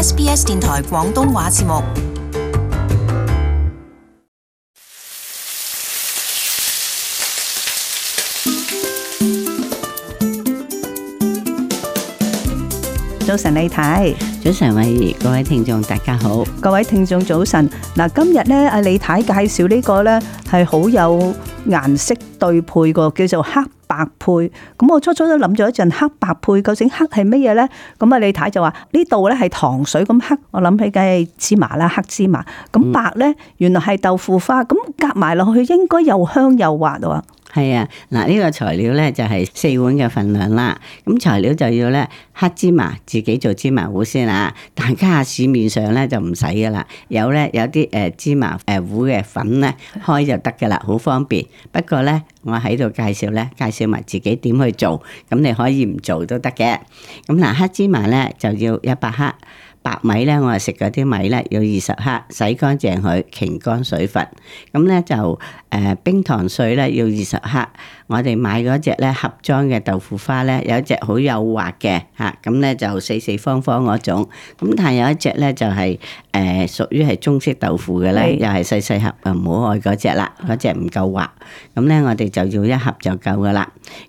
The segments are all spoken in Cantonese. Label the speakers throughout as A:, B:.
A: SBS 電台廣東話節目。早晨，李太，早晨，各位聽眾，大家好，各位聽眾，早晨。嗱，今日咧，阿李太介紹呢個咧，係好有顏色對配個，叫做黑。白配，咁我初初都諗咗一陣黑白配，究竟黑係乜嘢咧？咁啊，你睇就話呢度咧係糖水咁黑，我諗起梗係芝麻啦，黑芝麻。咁白咧，原來係豆腐花，咁夾埋落去應該又香又滑喎。
B: 係啊，嗱、這、呢個材料咧就係、是、四碗嘅份量啦。咁、嗯、材料就要咧黑芝麻，自己做芝麻糊先啊。大家啊，市面上咧就唔使噶啦，有咧有啲誒、呃、芝麻誒糊嘅粉咧開就得噶啦，好方便。不過咧，我喺度介紹咧，介紹埋自己點去做，咁你可以唔做都得嘅。咁、嗯、嗱、呃，黑芝麻咧就要一百克。白米咧，我係食嗰啲米咧，要二十克，洗乾淨佢，擰乾水分。咁咧就誒、呃、冰糖水咧，要二十克。我哋買嗰隻咧盒裝嘅豆腐花咧，有一隻好幼滑嘅嚇，咁、啊、咧就四四方方嗰種。咁但係有一隻咧就係誒屬於係中式豆腐嘅咧，嗯、又係細細盒啊，唔好愛嗰隻啦，嗰隻唔夠滑。咁咧我哋就要一盒就夠㗎喇。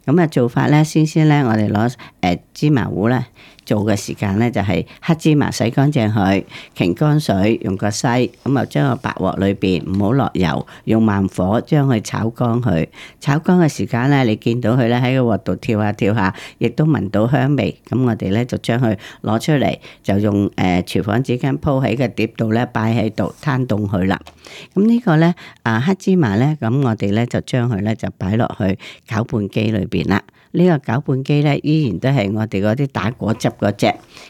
B: 咁啊做法咧，先先咧，我哋攞誒芝麻糊咧。做嘅時間咧，就係、是、黑芝麻洗乾淨佢，傾乾水用個篩，咁啊將個白鑊裏邊唔好落油，用慢火將佢炒乾佢。炒乾嘅時間咧，你見到佢咧喺個鑊度跳下跳下，亦都聞到香味。咁我哋咧就將佢攞出嚟，就用誒、呃、廚房紙巾鋪喺個碟度咧，擺喺度攤凍佢啦。咁呢個咧啊黑芝麻咧，咁我哋咧就將佢咧就擺落去攪拌機裏邊啦。呢個攪拌機咧，依然都係我哋嗰啲打果汁嗰隻，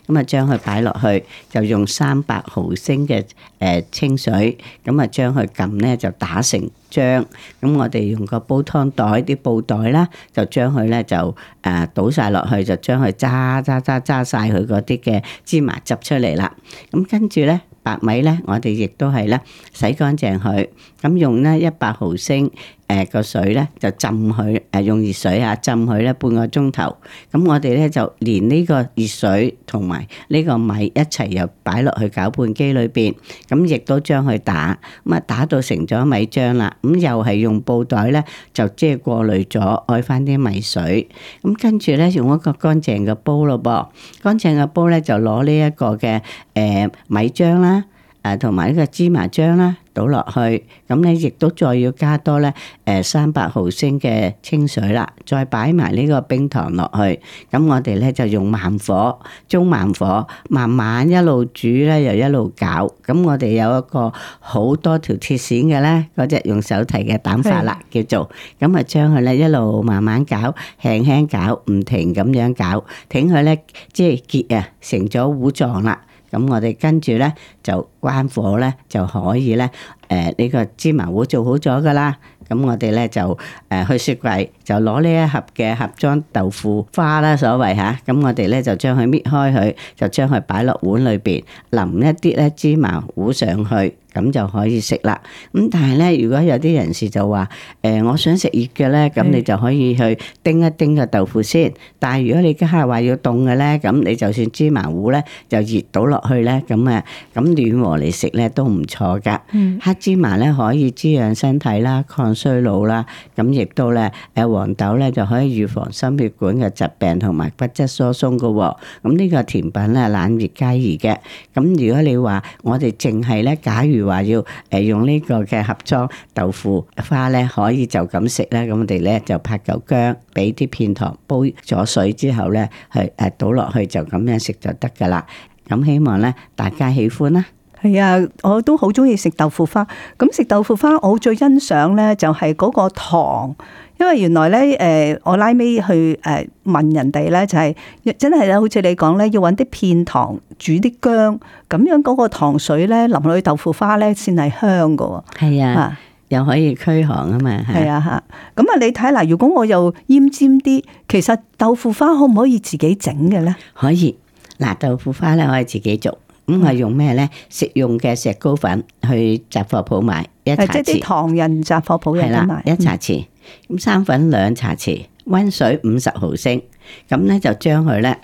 B: 咁啊將佢擺落去，就用三百毫升嘅誒清水，咁啊將佢撳咧就打成漿，咁我哋用個煲湯袋、啲布袋啦，就將佢咧就誒倒晒落去，就將佢揸揸揸揸晒佢嗰啲嘅芝麻汁出嚟啦。咁跟住咧，白米咧，我哋亦都係咧洗乾淨佢，咁用呢一百毫升。誒，個水咧就浸佢，誒用熱水啊浸佢咧半個鐘頭，咁我哋咧就連呢個熱水同埋呢個米一齊又擺落去攪拌機裏邊，咁亦都將佢打，咁啊打到成咗米漿啦，咁又係用布袋咧就即係過濾咗，愛翻啲米水，咁跟住咧用一個乾淨嘅煲咯噃，乾淨嘅煲咧就攞呢一個嘅誒米漿啦。誒同埋呢個芝麻漿啦，倒落去，咁咧亦都再要加多咧誒三百毫升嘅清水啦，再擺埋呢個冰糖落去，咁我哋咧就用慢火、中慢火，慢慢一路煮咧又一路攪，咁我哋有一個好多條鐵線嘅咧，嗰隻用手提嘅膽法啦，是叫做，咁啊將佢咧一路慢慢攪，輕輕攪，唔停咁樣攪，等佢咧即係結啊成咗糊狀啦。咁我哋跟住咧就關火咧就可以咧，誒、呃、呢、呢個芝麻糊做好咗噶啦。咁我哋咧就誒去雪櫃，就攞呢一盒嘅盒裝豆腐花啦，所謂吓，咁我哋咧就將佢搣開佢，就將佢擺落碗裏邊，淋一啲咧芝麻糊上去。咁就可以食啦。咁但係咧，如果有啲人士就話：誒、呃，我想食熱嘅咧，咁你就可以去叮一叮個豆腐先。但係如果你家下話要凍嘅咧，咁你就算芝麻糊咧，就熱到落去咧，咁啊，咁暖和嚟食咧都唔錯噶。嗯、黑芝麻咧可以滋養身體啦，抗衰老啦。咁亦都咧，誒黃豆咧就可以預防心血管嘅疾病同埋骨質疏鬆嘅喎、哦。咁呢個甜品咧冷熱皆宜嘅。咁如果你話我哋淨係咧，假如話要誒用呢個嘅盒裝豆腐花咧，可以就咁食啦。咁我哋咧就拍嚿薑，俾啲片糖，煲咗水之後咧，係誒倒落去就咁樣食就得噶啦。咁希望咧大家喜歡啦。
A: 係啊，我都好中意食豆腐花。咁食豆腐花，我最欣賞咧就係嗰個糖，因為原來咧誒，我拉尾去誒問人哋咧，就係真係咧，好似你講咧，要搵啲片糖煮啲薑，咁樣嗰個糖水咧淋落去豆腐花咧，先係香噶。係啊，又可以驅寒啊
B: 嘛。係啊，吓。
A: 咁啊，你睇嗱，如果我又腌尖啲，
B: 其實豆腐花可唔可以自己整嘅咧？可以，嗱，豆腐花咧我係自己做。咁係用咩咧？食用嘅石膏粉，去雜貨鋪買一茶匙，即係啲唐人雜貨鋪嘅。係啦，一茶匙，咁生粉兩茶匙，温水五十毫升。咁咧就將佢咧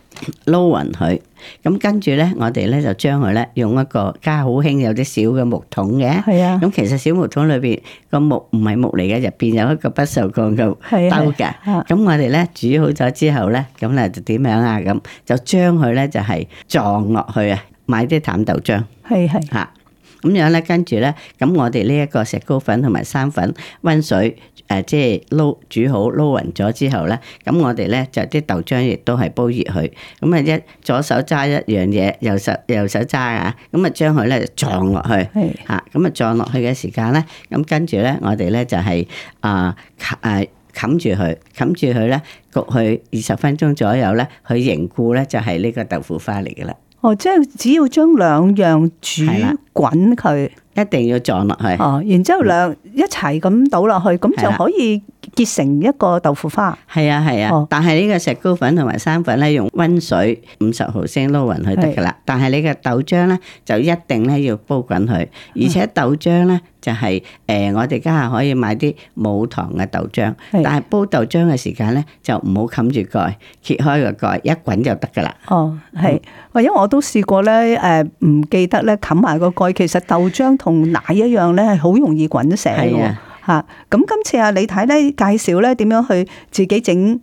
B: 撈勻佢。咁跟住咧，我哋咧就將佢咧用一個加好輕、有啲小嘅木桶嘅。係啊。咁其實小木桶裏邊個木唔係木嚟嘅，入邊有一個不鏽鋼嘅兜嘅。咁我哋咧煮好咗之後咧，咁咧就點樣啊？咁就將佢咧就係撞落去啊！買啲淡豆漿，係係吓咁樣咧，跟住咧，咁我哋呢一個石膏粉同埋生粉，溫水誒、呃，即係撈煮好撈勻咗之後咧，咁我哋咧就啲豆漿亦都係煲熱佢，咁啊一左手揸一樣嘢，右手右手揸啊，咁啊將佢咧撞落去，吓咁啊撞落去嘅時間咧，咁跟住咧我哋咧就係啊誒冚住佢，冚住佢咧焗佢二十分鐘左右咧，佢凝固咧就係呢個豆腐花嚟嘅啦。
A: 哦，即係只要將兩樣煮
B: 滾佢，了一定要撞落去。哦，
A: 然之後兩一齊咁倒落去，咁、嗯、就可以。結成一個豆腐花，
B: 係啊，係啊，但係呢個石膏粉同埋生粉咧，用温水五十毫升撈匀佢得噶啦。但係你嘅豆漿咧，就一定咧要煲滾佢，而且豆漿咧就係誒，我哋家下可以買啲冇糖嘅豆漿，但係煲豆漿嘅時間咧就唔好冚住蓋，揭開個蓋一滾就得噶啦。哦，係，我因為我都試過
A: 咧，誒，唔記得咧冚埋個蓋，其實豆漿同奶一樣咧，係好容易滾成。嚇！咁、嗯、今次啊，你睇咧介紹呢點樣去自己整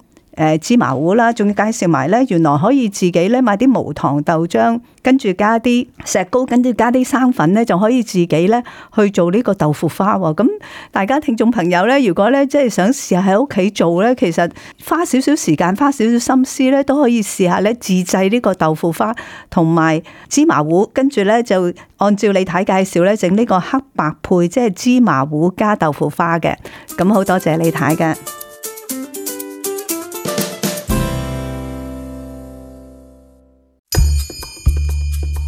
A: 芝麻糊啦，仲要介紹埋呢。原來可以自己咧買啲無糖豆漿，跟住加啲石膏，跟住加啲生粉呢就可以自己呢去做呢個豆腐花喎。咁、嗯、大家聽眾朋友呢，如果呢即係想試下喺屋企做呢，其實花少少時間、花少少心思呢，都可以試下呢。自製呢個豆腐花同埋芝麻糊，跟住呢就按照李太介紹呢整呢個黑白配，即係芝麻糊加豆腐花嘅。咁好多謝李太嘅。